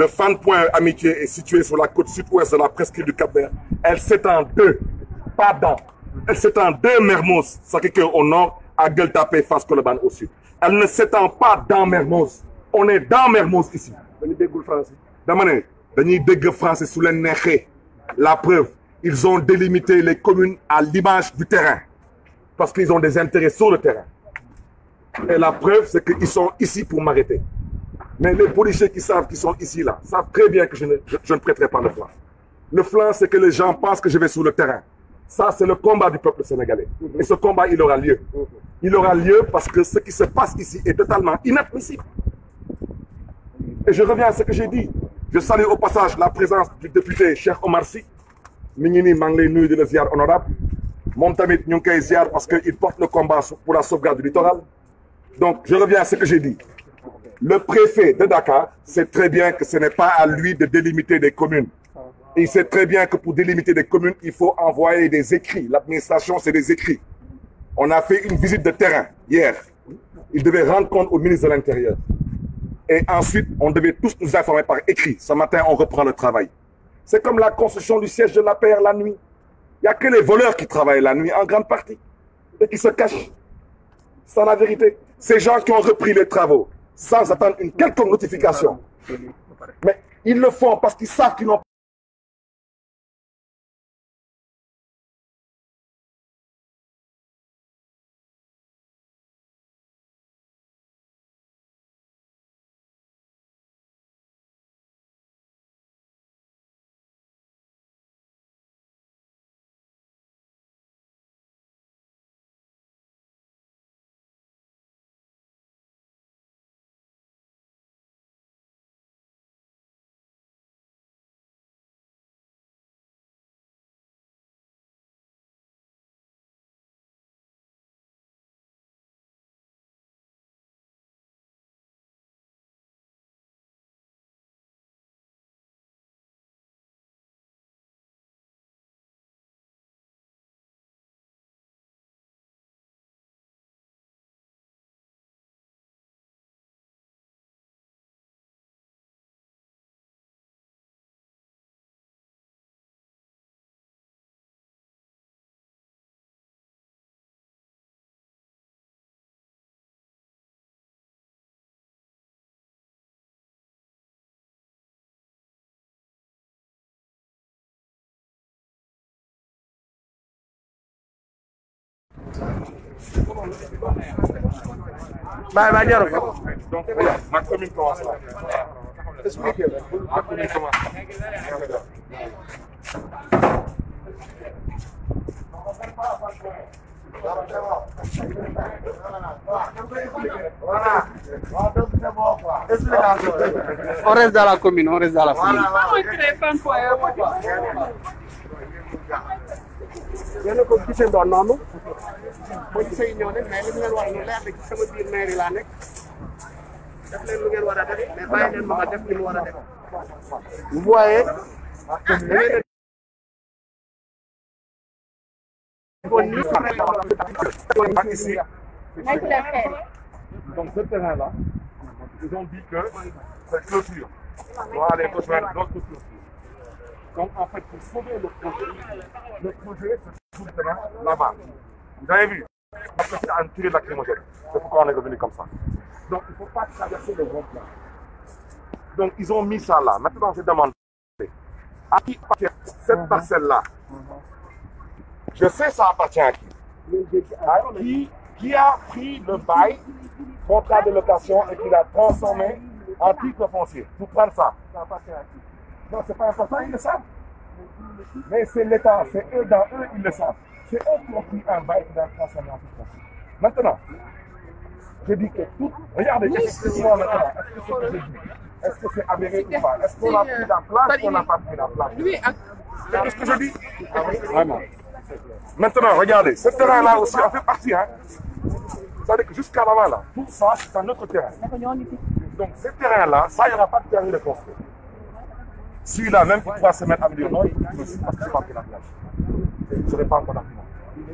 de Fann Point Amitié est située sur la côte sud-ouest de la presqu'île du Cap-Vert. Elle s'étend de Padan. Elle s'étend de Mermoz Sacré-Cœur au nord à Gueule Tapée Fass Colobane au sud. Elle ne s'étend pas dans Mermoz. On est dans Mermoz ici. dañu déggul français. dama ne dañuy dégg français su neexee. la preuve ils ont délimité les communes à l'image du terrain parce qu'ils ont des intérêts sur le terrain. et la preuve c'est qu'ils sont ici pour m'arrêter. Mais les policiers qui savent qu'ils sont ici, là, savent très bien que je ne, je, je ne prêterai pas le flanc. Le flanc, c'est que les gens pensent que je vais sur le terrain. Ça, c'est le combat du peuple sénégalais. Et ce combat, il aura lieu. Il aura lieu parce que ce qui se passe ici est totalement inadmissible. Et je reviens à ce que j'ai dit. Je salue au passage la présence du député Cheikh Omar Sy. mi ngi nii maa ngi lay nuyu di la ziar honorable moom tamit ñu ngi koy ziar parce que il porte le combat pour la sauvegarde du littoral. Donc, je reviens à ce que j'ai dit. Le préfet de Dakar sait très bien que ce n'est pas à lui de délimiter des communes. Il sait très bien que pour délimiter des communes, il faut envoyer des écrits. L'administration, c'est des écrits. On a fait une visite de terrain hier. Il devait rendre compte au ministre de l'Intérieur. Et ensuite, on devait tous nous informer par écrit. Ce matin, on reprend le travail. C'est comme la construction du siège de la paire la nuit. Il n'y a que les voleurs en grande partie et qui se cachent. sans attendre une quelconque notification. Mais ils le font parce qu'ils savent qu'ils n'ont bàyyi ba jarul. donc man commune Kawar la. expliqué la man commune Kawar la. On reste dans la commune, on reste dans la commune. Yéen a ko gisandoo noonu. boo ci say ñëw nag mais li ngeen war a lu leer na ci sama biir mairie laa nekk def leen lu ngeen war a def mais bàyyi leen ma ma def li mu war a def vous voyez Donc ce terrain-là, ils ont dit que cette clôture doit aller rejoindre d'autres clôtures. Donc en fait, pour sauver le projet, le projet se trouve là-bas. Vous avez vu Parce que c'est un tiré lacrymogène. C'est pourquoi on est revenu comme ça. Donc, il faut pas traverser les bons plans. Donc, ils ont mis ça là. Maintenant, je demande à qui appartient cette mm -hmm. Je sais ça appartient à qui à a pris le bail, contrat de location, et qui l'a transformé en titre foncier Pour prendre ça. Ça appartient à qui Non, c'est Mais c'est l'État, c'est eux dans eux, ils C'est un conflit en bas et dans le en Maintenant, je dis que tout. Regardez, oui, effectivement, maintenant, est-ce que c'est que je dis Est-ce que c'est avéré ou pas Est-ce qu'on a pris la place ou on n'a pas pris la place Lui, c'est ce que je dis ah, oui. Vraiment. Maintenant, regardez, ce terrain-là aussi en fait partie. Hein. C'est-à-dire que jusqu'à là-bas, là, tout ça, c'est un autre terrain. Donc, ce terrain-là, ça, il n'y aura pas de permis de construire. Celui-là, même qui trois semaines à me dire non, je ne suis pas pris la place. Je n'ai pas encore la place.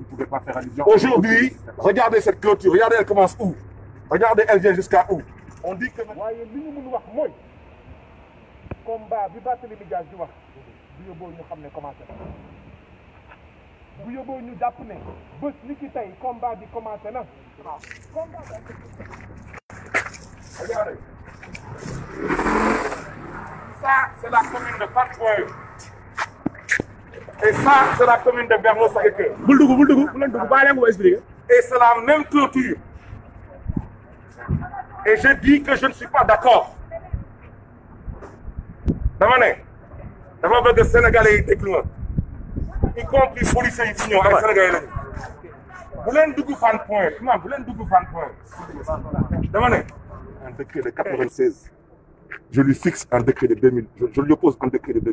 Vous ne pouvez pas faire allusion. Aujourd'hui, regardez cette clôture. Regardez, elle commence où Regardez, elle vient jusqu'à On dit que. waaye li ñu mun wax mooy combat bi Barthélémy Dias di wax bu yóbboo ñu xam ne commencé na bu yóbboo ñu jàpp ne bés ni ki tey combat bi commencé na. waaw combat bi. la Et ça, c'est la commune de Mermoz Sacré-Cœur. bul dugg bul dugg bul dugg baale nga ko expliquer. Et c'est la même torture. e je dis que je ne suis pas d'accord. dama ne dama bëgg Sénégalais yi déglu ma y compris policiers yi fi ñëw ay Sénégalais dugg fan point imam bu leen dugg fan point dama ne un décret de 96 je lui fixe un décret de je lui oppose un décret de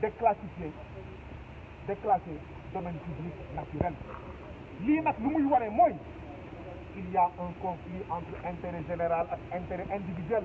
déclassifier déclasser domaine public naturel lii nag lu muy wane mooy il y a un conflit entre intérêt général ak intérêt individuel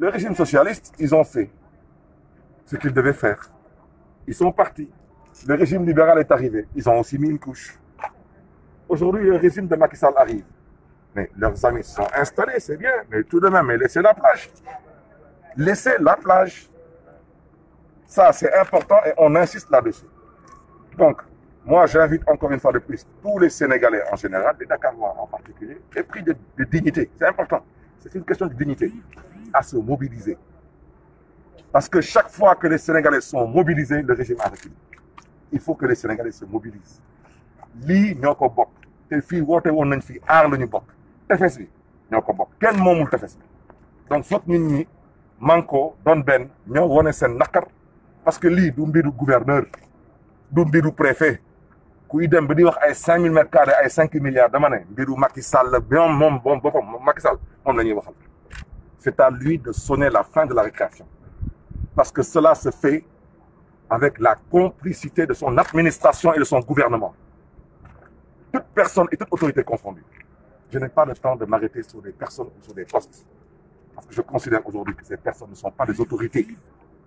Le régime socialiste, ils ont fait ce qu'ils devaient faire. Ils sont partis. Le régime libéral est arrivé. Ils ont aussi mis une couche. Aujourd'hui, le régime de Macky Sall arrive. Mais leurs amis sont installés, c'est bien. Mais tout de même, mais laissez la plage. Laissez plage. Ça, c'est important et on insiste là-dessus. Donc, moi, j'invite encore une fois de plus tous les Sénégalais en général, les de dignité. C'est important. C'est une question de dignité. à se mobiliser. Parce que chaque fois que les Sénégalais son mobilisés, le régime a Il faut que les Sénégalais se mobilisent. lii ñoo ko bokk te fii woote woon nañ fii aar lañu bokk tefes bi ñoo ko bokk kenn moomul tefes bi donc foog ñu ñi manko doon benn ñoo wane seen naqar parce que lii du mbiru gouverneur du mbiru préfet kuy dem ba di wax ay cinq mille mètres carrés ay cinq milliards dama ne mbiru Macky Sall moom moom boppam Macky Sall moom la ñuy waxal c'est à lui de sonner la fin de la récréation. Parce que cela se fait avec la complicité de son administration et de son gouvernement. Toute personne et toute autorité confondue. Je n'ai pas le temps de m'arrêter sur des personnes ou sur des postes. Parce que je considère aujourd'hui que ces personnes ne sont pas des autorités.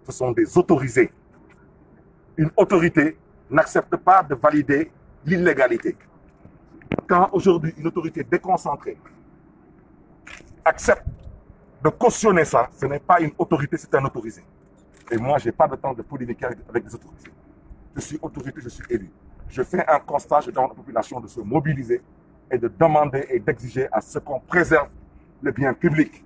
Ce sont des autorisés. Une autorité n'accepte pas de valider l'illégalité. Quand aujourd'hui une autorité déconcentrée accepte de cautionner ça, ce n'est pas une autorité, c'est un autorisé. Et moi, je n'ai pas de temps de polémiquer avec, des autorisés. Je suis autorité, je suis élu. Je fais un constat, je à la population de se mobiliser et de demander et d'exiger à ce qu'on préserve le bien public.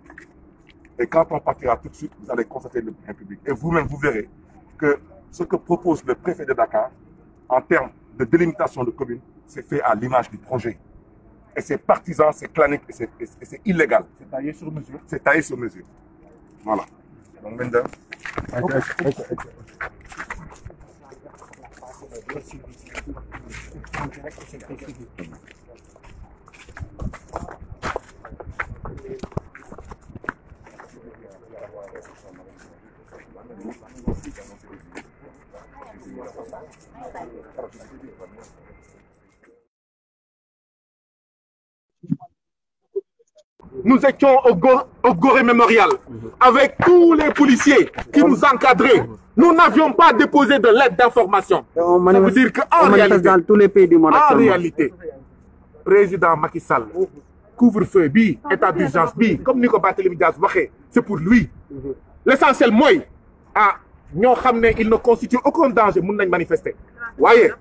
Et quand on partira tout de suite, vous allez constater le bien public. Et vous-même, vous verrez que ce que propose le préfet de Dakar en termes de délimitation de communes, c'est fait à l'image du et c'est partisan, c'est clanique et c'est illégal. C'est taillé sur mesure. C'est taillé sur mesure. Voilà. Donc maintenant. ok ok ok. Merci. nous étions au, Go, au Gorée Mémorial avec tous les policiers qui nous encadraient. Nous n'avions pas déposé de lettre d'information. Euh, on Ça veut dire qu'en président Macky Sall couvre-feu bi état d'urgence bi comme ni ko Barthélémy Dias waxee c'est pour lui. l'essentiel mooy a ah, ñoo xam ne il ne constitue aucun danger mun nañ manifester waaye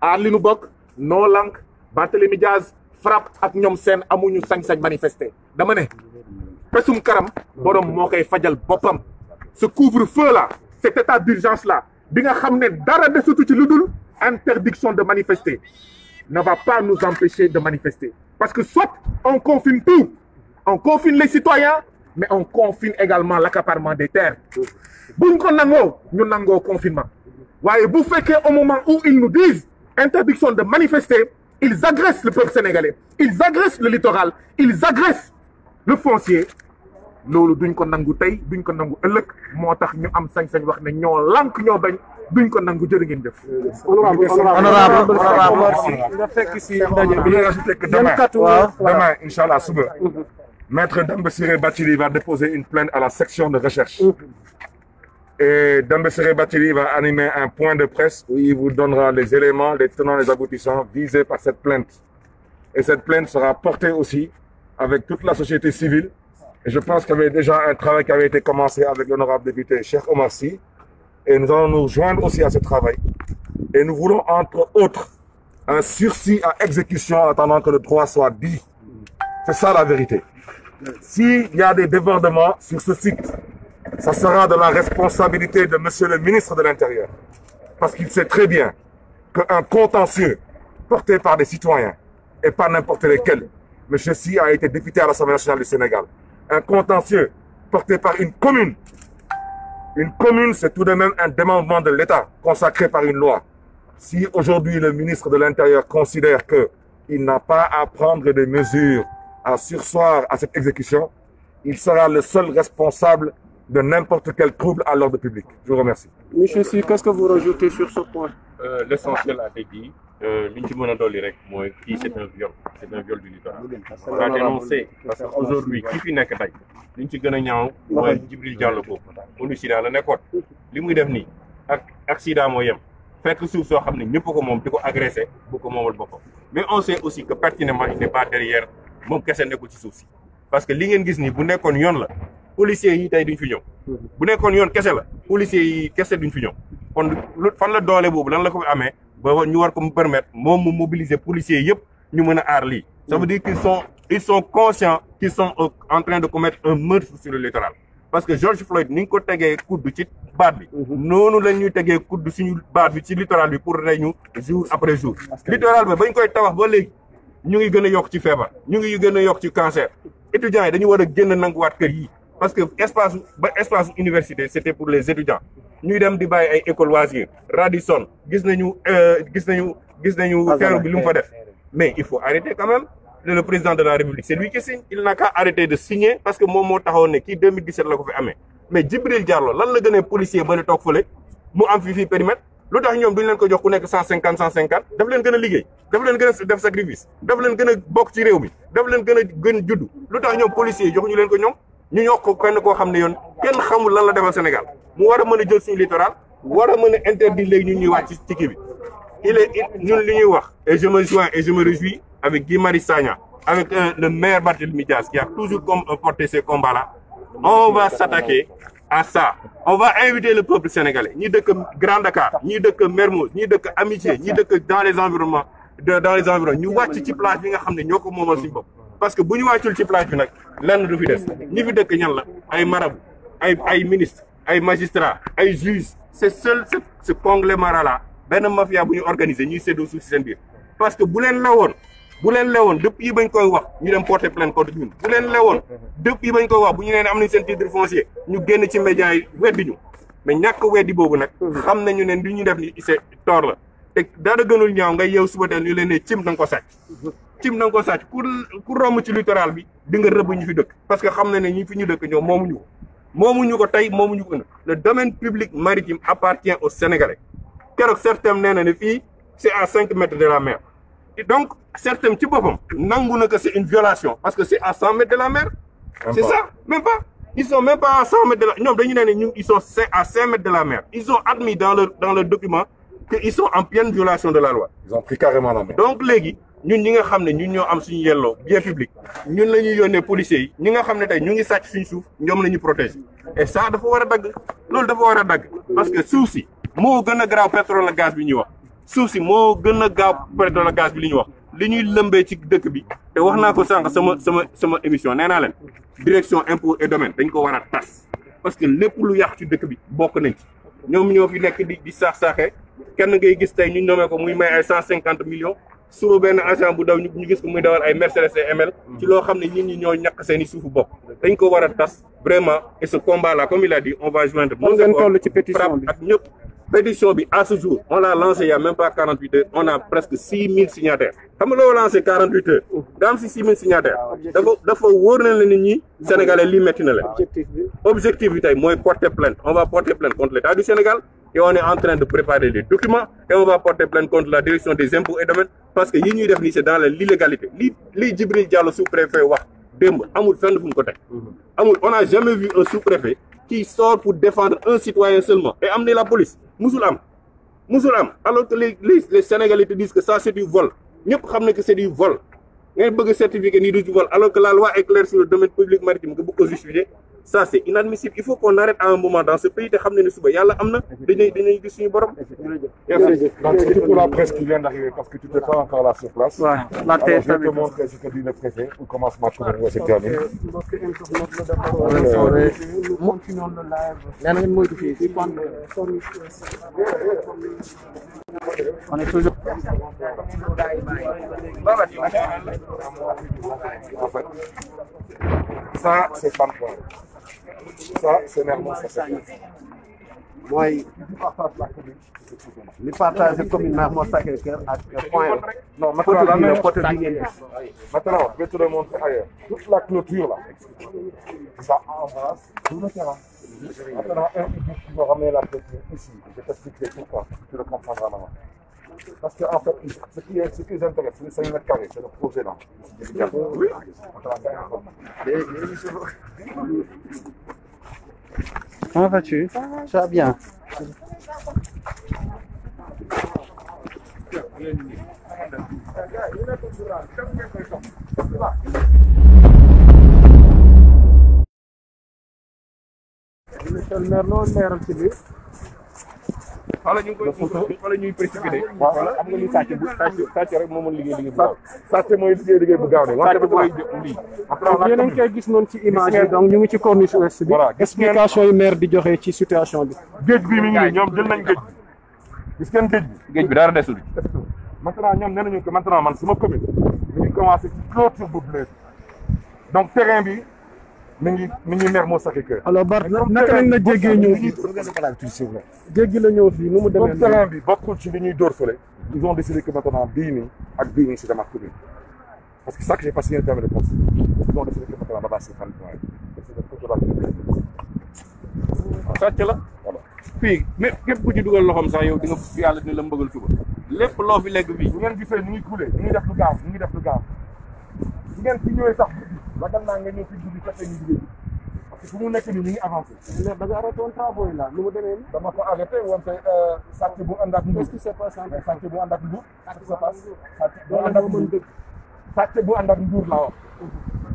aar li lank Barthélémy Dias FRAPP ak ñoom seen amuñu sañ-sañ manifester dama ne pesum karam borom moo koy fajal boppam ce couvre-feu là cet état d'urgence la bi nga xam ne dara desutu ci lu dul interdiction de manifester na va pas nous empêcher de manifester parce que soit on confine tout on confine les citoyens mais un confine également l'accaparement des terres buñ ko nangoo ñu nangoo confinement waaye bu fekkee au moment où ils nous disent interdiction de manifester ils agressent le peuple sénégalais ils agressent le littoral ils agressent le foncier loolu duñ ko nangu tey duñ ko nangu ëllëg moo tax ñu am sañ-sañ wax ne ñoo lànk ñoo bañ duñ ko nangu jërë ngeen jëf. honorable nga fekk si ndaje bi yan kàttu waaw demain incha allah suba. maître Dame Bassiré va déposer une plainte à la section de recherche. Et Dambesere Batili va animer un point de presse où il vous donnera les éléments, les tenants, les aboutissants visés par cette plainte. Et cette plainte sera portée aussi avec toute la société civile. Et je pense qu'il y avait déjà un travail qui avait été commencé avec l'honorable député Cheikh Omar Sy. Et nous allons nous joindre aussi à ce travail. Et nous voulons, entre autres, un sursis à exécution attendant que le droit soit dit. C'est ça la vérité. S'il ça sera de la responsabilité de m le ministre de l'Intérieur. Parce qu'il sait très bien qu'un contentieux porté par des citoyens, et pas n'importe lesquels, M. Si a été député à l'Assemblée nationale du Sénégal, un contentieux porté par une commune, une commune, c'est tout de même un démembrement de l'État consacré par une loi. Si aujourd'hui le ministre de l'Intérieur considère que il n'a pas à prendre des mesures à sursoir à cette exécution, il sera de n'importe quel trouble à l'ordre public. Je vous remercie. que vous rajoutez sur ce point? Euh, euh, li ñu ci mën a dolli rek mooy kii c'est un viol c'est un viol du littoral. on a dénoncé parce que aujourd'hui ki fi nekk tey li ñu ci a ñaaw mooy Djibril la nekkoon li muy def nii ak accident moo yem fekk suuf soo xam ne ñëpp ko moom di ko agressé bu ko moomal boppam mais on sait aussi que pertinemment il n'est pas derrière moom kese nekkul ci suuf si parce que li ngeen gis nii bu nekkoon yoon la policiers yi tey duñ fi ñëw. bu nekkoon yoon kese la policiers yi kese duñ fi ñëw kon lu fan la doole boobu lan la ko amee ba ñu war ko mu permettre moom mu mobiliser policiers yëpp ñu mën a aar lii. ça veut dire qu'ils sont ils sont conscients qu'ils sont euh, en de commettre un meurtre sur littoral. parce que George Floyd ni ñu ko tegee kuddu ci baat bi. Mhm. noonu la tegee kudd suñu baat bi ci littoral bi pour rey ñu jour après jour. littoral bi bañ koy tabax ba léegi ñu ngi gën yokk ci feebar. ñu ngi gën yokk ci cancer étudiants dañu war a génn nanguwaat kër yi. parce que espace ba espace université c'était pour les étudiants ñuy dem di bàyyi ay école loisir Radisson euh, gis nañu gis nañu gis nañu teeru bi lu mu fa def mais il faut arrêter quand même le président de la république c'est lui qui signe il n'a qu'à arrêter de signer parce que moom moo taxawoon ne kii 2017 la ko fi amee mais Djibril Diallo lan la gën policier ba ne toog fële mu am fi fii périmètre lu tax ñoom duñ leen ko jox ku nekk cent cinquante cent cinquante a liggéey daf leen gën a def sacrifice daf leen gën a réew mi daf leen gën a gën lu tax ñoom policier jox ñu leen ko ñoom ñu yokk kenn koo xam ne yoon kenn xamul lan la defal Sénégal mu war a mën a jël suñu littoral war a mën a interdire léegi ñun ñuy wàcc ci kii bi il est li ñuy wax et je me joins et je me réjouis avec Guy Marius Sagna avec euh, le maire Barthélémy Dias toujours comme euh, porté ces combala là on va s'attaquer à sa on va invité le peuple sénégalais ñi dëkk Grand Dakar ñi dëkk Mermoz ñi dëkk Amitié ñi dëkk dans les environnements dans les environs ñu wàcc ci plage bi nga xam ne ñoo ko moomal suñu bopp parce que bu ñu wàccul ci plage bi nag lenn du fi des ñu fi dëkk ñan la ay marabu ay ay ministre ay magistrat ay juge c'est seul ce conglomérat là benn mafia bu ñu organiser ñu séddoo suuf si seen biir parce que bu leen lewoon bu leen lewoon depuis yi bañ koy wax ñu dem porter plainte contre ñun bu leen lewoon depuis yi bañ koy wax bu ñu leen am nañ seen titre foncier ñu génn ci médias yi weddi ñu mais ñàkk weddi boobu nag xam nañu ne li ñu def ni c'est tort la te dara gënul ñaaw nga yeew suba teel ñu leen ne cim da nga ko cim na nga ko sàcc pour pour romb ci littoral bi di rëbb ñu fi dëkk parce que xam ne ñi fi ñu dëkk ñoom moomuñu ko moomuñu ko tey moomuñu ko ëllëg le domaine public maritime appartient aux Sénégalais keroog certain nee na ne fii c'est à cinq mètres de la mer et donc certain ci boppam nangu na que c'est une violation parce que c'est à cent mètres de la mer c'est ça même ils sont même à cent mètres de la ñoom ne ne ils sont à cinq mètres de la mer ils ont admis dans leur document que sont en pleine de la loi ils ont léegi ñun ñi nga xam ne ñun ñoo am suñu yelloo bien public ñun la ñuy yonnee policiers yi ñi nga xam ne tey ñu ngi sàcc suñu suuf ñoom lañu ñuy protéger et dafa war a dagg loolu dafa war a dagg parce que suuf si moo gën a garaaw pétrole ak bi ñuy wax suuf si moo gën a gaaw pétrole ak gaz bi li ñu wax li ñuy lëmbee ci dëkk bi te wax naa ko sànq sama sama sama émission nee naa leen direction impôt et domaine dañ ko war a tas parce que lépp lu yàq ci dëkk bi bokk nañ ci ñoom ñoo fi nekk di di saax saaxee ngay gis tey ñu nommé ko muy may ay cent cinquante millions suba benn agent bu daw ñu gis muy dawal ay hmm. loo xam ne nit ñi ñoo ñàkk seen i suufu bopp. a tas vraiment et ce combat là comme il a dit on va l'a a même pas 48 heures a presque 6000 signataires xam nga loo lancé ah, dafa dafa na la ñi sénégalais lii métti na leen objectif bi tey mooy porter plainte on va porter plainte contre l'état du Sénégal et on est en train de préparer les documents et on va porter plainte contre la direction des impôts et domaines parce que yi ñuy def nii c'est dans l'illégalité li li Djibril Diallo sous-préfet wax démb amul fenn fu ko teg mhm. amul on a jamais vu un sous-préfet qui sort pour défendre un citoyen seulement et amener la police musul am alors que les les Sénégalais te disent que ça c'est du vol ñëpp xam ne que c'est du vol ngay bëgg certificat nii du ci vol alors que la loi est sa c'est inadmissible il faut qu'on arrête à un dans ce pays te xam ne ne suba yàlla am na dañuy dañuy gis suñu borom donc c'est pour la presse qui vient d'arriver parce que tu n'es pas encore là sur place ouais. la alors je te montre ce que dit le préfet on commence ma chronique où c'est terminé on ça c'est vraiment ça. mooy li partage commune Mermoz sacré ak Point E. non Matalawa la côté bi ngeen gis. Matalawa je vais te le montrer ailleurs. la clôture là. ça embrasse tout le terrain. Matalawa un peu plus pour la clôture ici. je Parce que, en fait, ce qui, ce qui nous intéresse, c'est le 5 mètres carrés, c'est le projet là. Oui. Comment vas-tu Ça va bien. Ministre Merlo leeral ci biir wala ñu ngi koy wala ñuy précipité. wala am nga lu sàcc bu sàcc sàcc rek moo mën liggéey liggéey bu gaaw. sàcc mooy liggéey liggéey bu a ngi gis noonu ci image donc ñu ngi ci corniche ouest bi. voilà explication yi di joxe ci situation bi. géej bi mi ngi nii ñoom jël nañ géej gis ngeen géej bi. géej bi dara desul. maintenant ñoom nee nañu que maintenant man sama commune. mi ngi commencé ci clôture bu bleu donc terrain bi mi ngi mi ngi mer moo saxee kër. alors Bart naka lañ la jéggee ñëw fii jéggi la ñëw fii nu mu demee comme talent ci li ñuy dóor fële. ils ont décidé que maintenant bii nii ak bii nii c'est de ma commune parce que ça que j'ai que maintenant Baba c'est la fii mais képp sax yow di nga yàlla dina tuba lépp loo fi lekk fii bu ngeen gisee ñu ngi kuule ñu ngi def lu gaaw ñu ngi def lu gaaw ngeen fi ñëwee sax ba dem naa nga fi guddi fekk parce que fu mu nekk nii da nga arrêté woon travaux yi la lu mu demee nii. dama ko arrêté woon te sàcc euh, bu ànd ak nduur. est-ce bu mhm.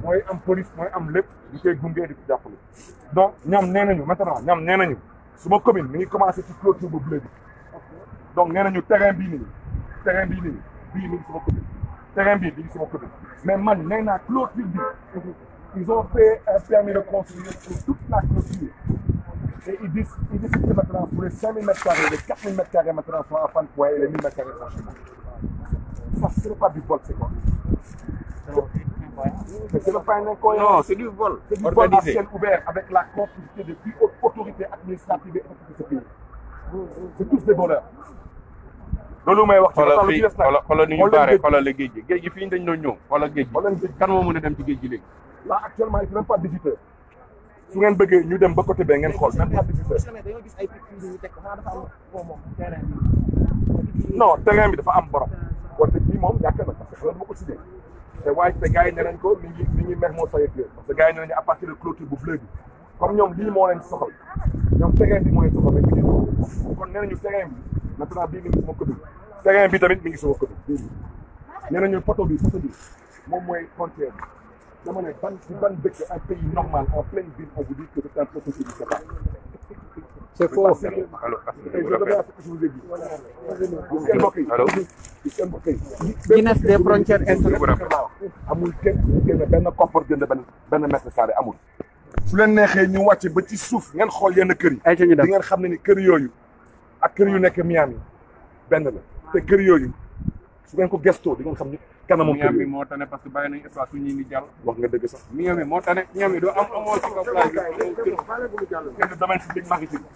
mooy am police mooy am lépp di koy gunge di ko jàppale. donc ñoom nee nañu maintenant ñoom nee nañu suma mi ngi commencé ci clôture bu bleu bi donc nee nañu terrain bii nii terrain bii nii terrain bi bi sama commune mais man nee naa clôture bi ils ont fait un permis de construire pour toute la clôture et ils disent ils disent que ma transformé 5000 mètres carrés les 4000 mètres carrés ma transformé en fan point et les 1000 mètres carrés en chemin ça ce n'est pas du vol c'est quoi c'est le pain d'incohérence non c'est du de ce pays loolu mooy wax ci la ci ni ñu baaree xoolal géej gi géej gi fii dañ doon ñëw xoolal géej gi kan moo mën a dem ci géej gi léegi là actuellement il su ngeen bëggee ñu dem ba côté bee ngeen xool même pas visiter non terrain bi dafa am borom wante bii moom yàq na parce que lan ma te waaye te gars yi ne nañ ko mi ñu mi ngi mer moo sayet yooyu parce que gars yi ne nañu à partir de clôture bu fleuve bi comme ñoom lii maintenant bii mi ngi sama bi tamit mi ngi sama commune bii nee nañu poto bi poto moom mooy frontière bi dama ne ban ci ban dëkk un pays normal en pleine ville on vous dit que c'est un poto qui ne sait yi alors seen mbokk yi Guinness des frontières internationales amul kenn génn benn koppar jënd benn benn mètre carré amul su leen neexee ñu wàcce ba ci suuf ngeen xool yenn kër yi di ngeen xam ne ni kër yooyu ak kër yu nekk Miami benn la te kër yooyu su ngeen ko gestoo di ngeen xam ni kanamu kër Miami moo tane parce que bàyyi nañu espace fu ñuy ni jàll wax nga dëgg sax Miami moo tane Miami doo am amoo ci kaw plage kenn domaine public maritime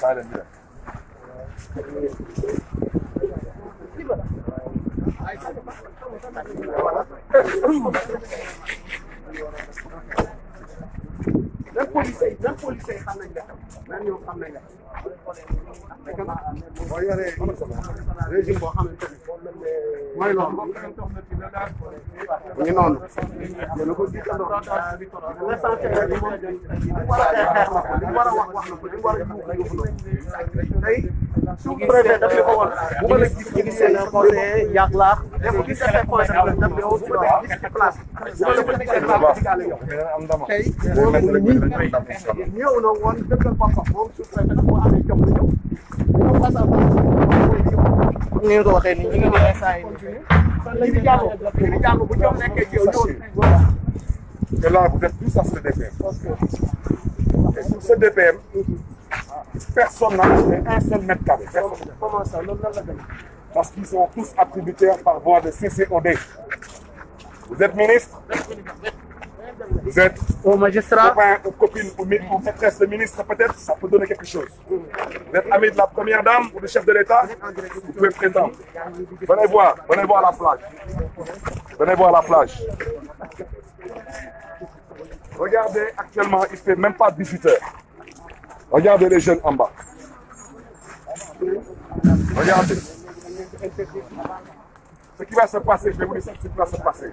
bàyyi leen di boo yoree régime boo xamante ni mooy loolu ñu noonu yéen a ko gisandoo l'essentiel li mu war a xeex na ko li mu war a wax wax na ko li mu war a yuuxu yuuxu na ko tey sous-préfet daf li ko woon bu ma la gis ñu ngi seen conseiller yàq laax def ko gis effet conseil la daf li yow bu ma la gis ci place bu ma la ko gisee naa ko digaale yow tey moom ñëw na woon dëkkal boppam moom sous-préfet ñu de lu jox ñëw face personne n'a seul mètre carré comment ça loolu tous attributaires par voie de CCOD vous êtes ministre Vous êtes au magistrat. Copain, copine ou, ou maîtresse de ministre, peut-être, ça peut donner quelque chose. Vous êtes ami de la première dame ou du chef de l'État, vous pouvez prétendre. Venez voir, venez voir la plage. Venez voir la plage. Regardez, actuellement, il ne fait même pas 18 heures. Regardez les jeunes en bas. Regardez. Ce qui va se passer, je vais vous laisser ce qui va se passer.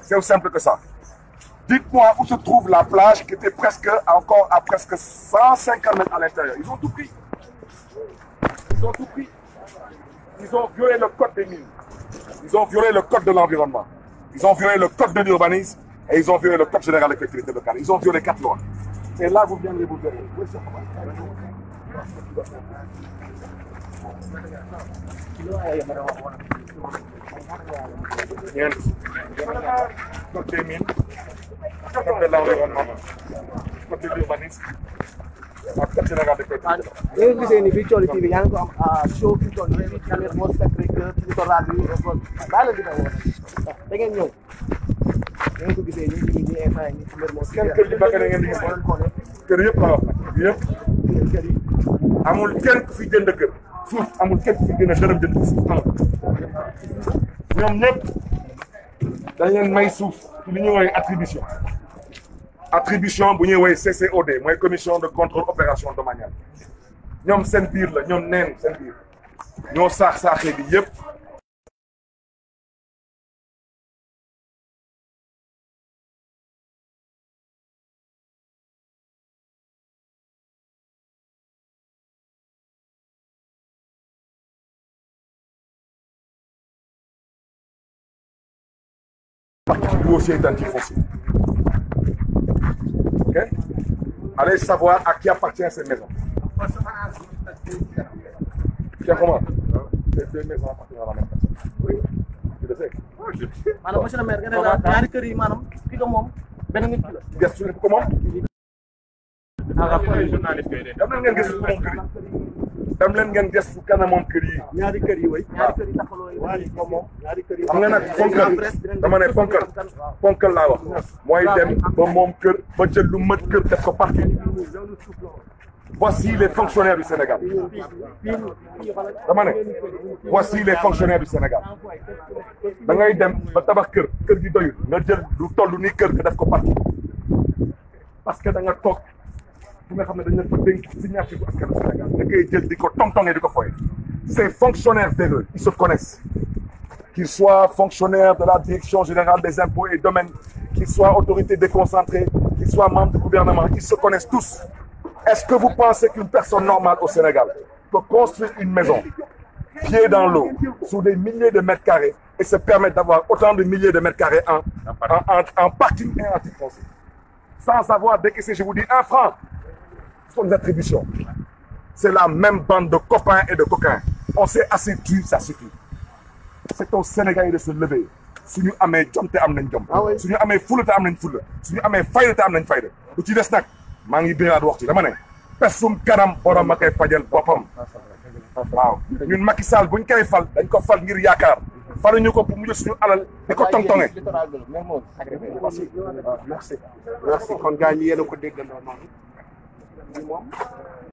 C'est aussi simple que ça. Dites-moi où se trouve la plage qui était presque encore à presque 150 mètres à l'intérieur. Ils ont tout pris. Ils ont tout pris. Ils ont violé le code des mines. Ils ont violé le code de l'environnement. Ils ont violé le code de l'urbanisme et ils ont violé le code général des collectivités locales. Ils ont violé quatre lois. Et là, vous viendrez vous verrez. ñeent côté mine côté l' environnement côté l'urbanisme ak côté la garde côté. léegi gisee ni bii coole TV yaa ngi ko am à show fi toll nii tamit moo sacré que ñu ko raadu ñu ko baa la dina woon da ngeen ñëw da ngeen ko gisee ñu ngi ñu instant yi ñu ci mbir moo. kenn kër gi bakk na ngeen di gis kër yëpp la wax nag kër yëpp amul kenn ku fi jënd kër. suuf amul képp fi gën a dërëm jënd ci suuf amul ñoom ñëpp dañ leen may suuf li ñuy woowee attribution attribution bu ñuy woowee CCOD mooy commission de contrôle opération domaniale ñoom seen biir la ñoom neen seen biir ñoo saax saaxee bi yëpp partie du dossier identifié OK Allez savoir à qui appartient a maisons. Tiens, comment Ces deux maisons appartiennent à la même personne. maanaam monsieur le maire nga ne la ñaari kër yi maanaam ki ko moom benn nit ki la. gëstu dem leen ngeen gëstu kanamam kër yi. ñaari kër yi way kër yi taxawoo yi xam nga nag ponkal laa wax mooy dem ba moom kër ba jël lu mët kër def ko parti voici les fonctionnaires du Sénégal dama ne voici les fonctionnaires du Sénégal da ngay dem ba tabax kër kër gi doyul nga jël lu toll ni kër nga def ko parti que da fi nga xam ne dañ leen fa dénk signature bu askanu Sénégal nga koy jël di ko tontonge di ko fooye ces fonctionnaires véreux ils se connaissent qu'ils soient fonctionnaires de la direction générale des impôts et domaines qu'ils soient autorités déconcentrées qu'ils soient membres du gouvernement ils se connaissent tous est-ce que vous pensez qu'une personne normale au Sénégal peut construire une maison pieds dans l'eau sur des milliers de mètres carrés et se permettre d'avoir autant de milliers de mètres carrés en en en, en parking et en titre foncier sans avoir décaissé je vous dis un franc fonds d'attribution. C'est la même bande de copains et de coquins. On s'est assez tu, ça suffit. C'est au Sénégalais de se lever. su ñu amee jom te am nañ jom. Ah su ñu amee fulla te am nañ fulla. su ñu amee fayda te am nañ fayda. lu ci des nag maa ngi biiraat wax ci dama ne. pesum kanam borom ma koy fajal boppam. waaw ñun Macky Sall buñ koy fal dañ ko fal ngir yaakaar. faluñu ko bu mu jël suñu alal di ko tongtonge. merci merci kon gars ñi ko déggandoo moom